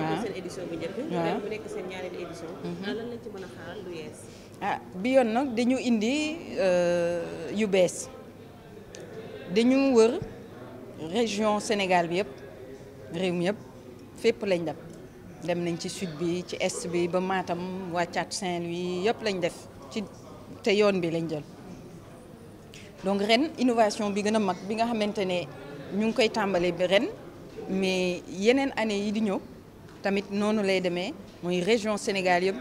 Mhm. a xaaral lu yees ah, bi yoon nag dañu indi euh, yu bees dañu wër région Sénégal bi yëpp réew mi yëpp fépp lañ dem dem nañ ci sud bi ci est bi ba maatam wàccaat Saint-Louis yëpp lañ def ci te yoon bi lañ jël donc ren innovation bi gën a mag bi nga xamante ne ñu ngi koy tàmbale bi ren mais yeneen année yi di ñëw tamit noonu lay demee moy région Sénégal yëpp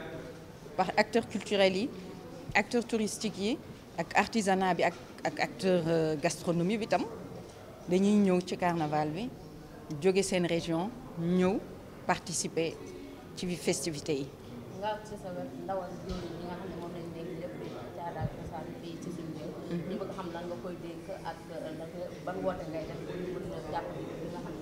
par acteur culturel yi acteur touristique yi ak artisanat bi ak ak acteur euh, gastronomie bi tam dañuy ñëw ci carnaval bi joggé sen région ñëw participer ci bi festivité yi ñu bëgg xam lan nga koy dénk ak euh, ban woote ngay def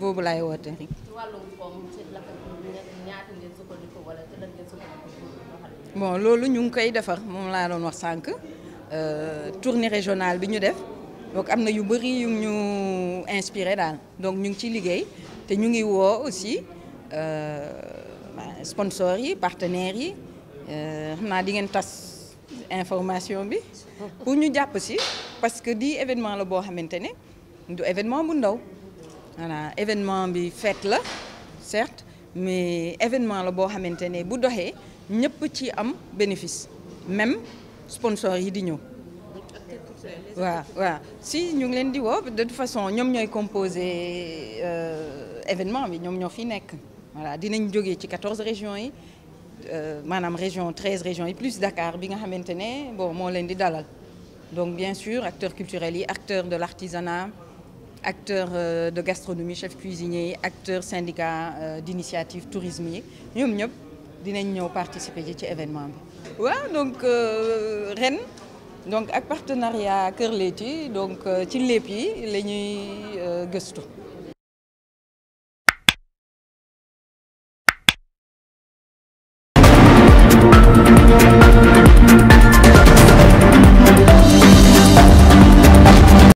boobu laay woote. bon lolu ñu ngi koy defar mom la doon wax euh tournée régionale bi ñu def donc amna yu bari yu ñu inspiré dal donc ñu ngi ci liggéey te ñu ngi wo aussi euh, ben, sponsors yi partenaires yi euh naa di ngeen tas information bi pour ñu japp ci parce que di événement la bo xamantene du événement bu ndaw voilà événement bi fête la certes mais événement la boo xamante ne bu doxee ñëpp ci am bénéfice même sponsor yi di ñëw. si nous ngi de toute façon nous avons composer euh, événement mais nous avons fi nekk voilà nous avons ci 14 régions yi euh, région 13 régions et plus Dakar bi nga fait bon donc bien sûr acteurs culturels yi acteurs de l'artisanat acteurs euh, de gastronomie chefs cuisiniers, acteurs syndicats euh, d'initiative tourisme Nous, nous, participé dinañ cet participer à événement Oui, donc euh, Rennes, donc le partenariat de Leyti donc ci les yi les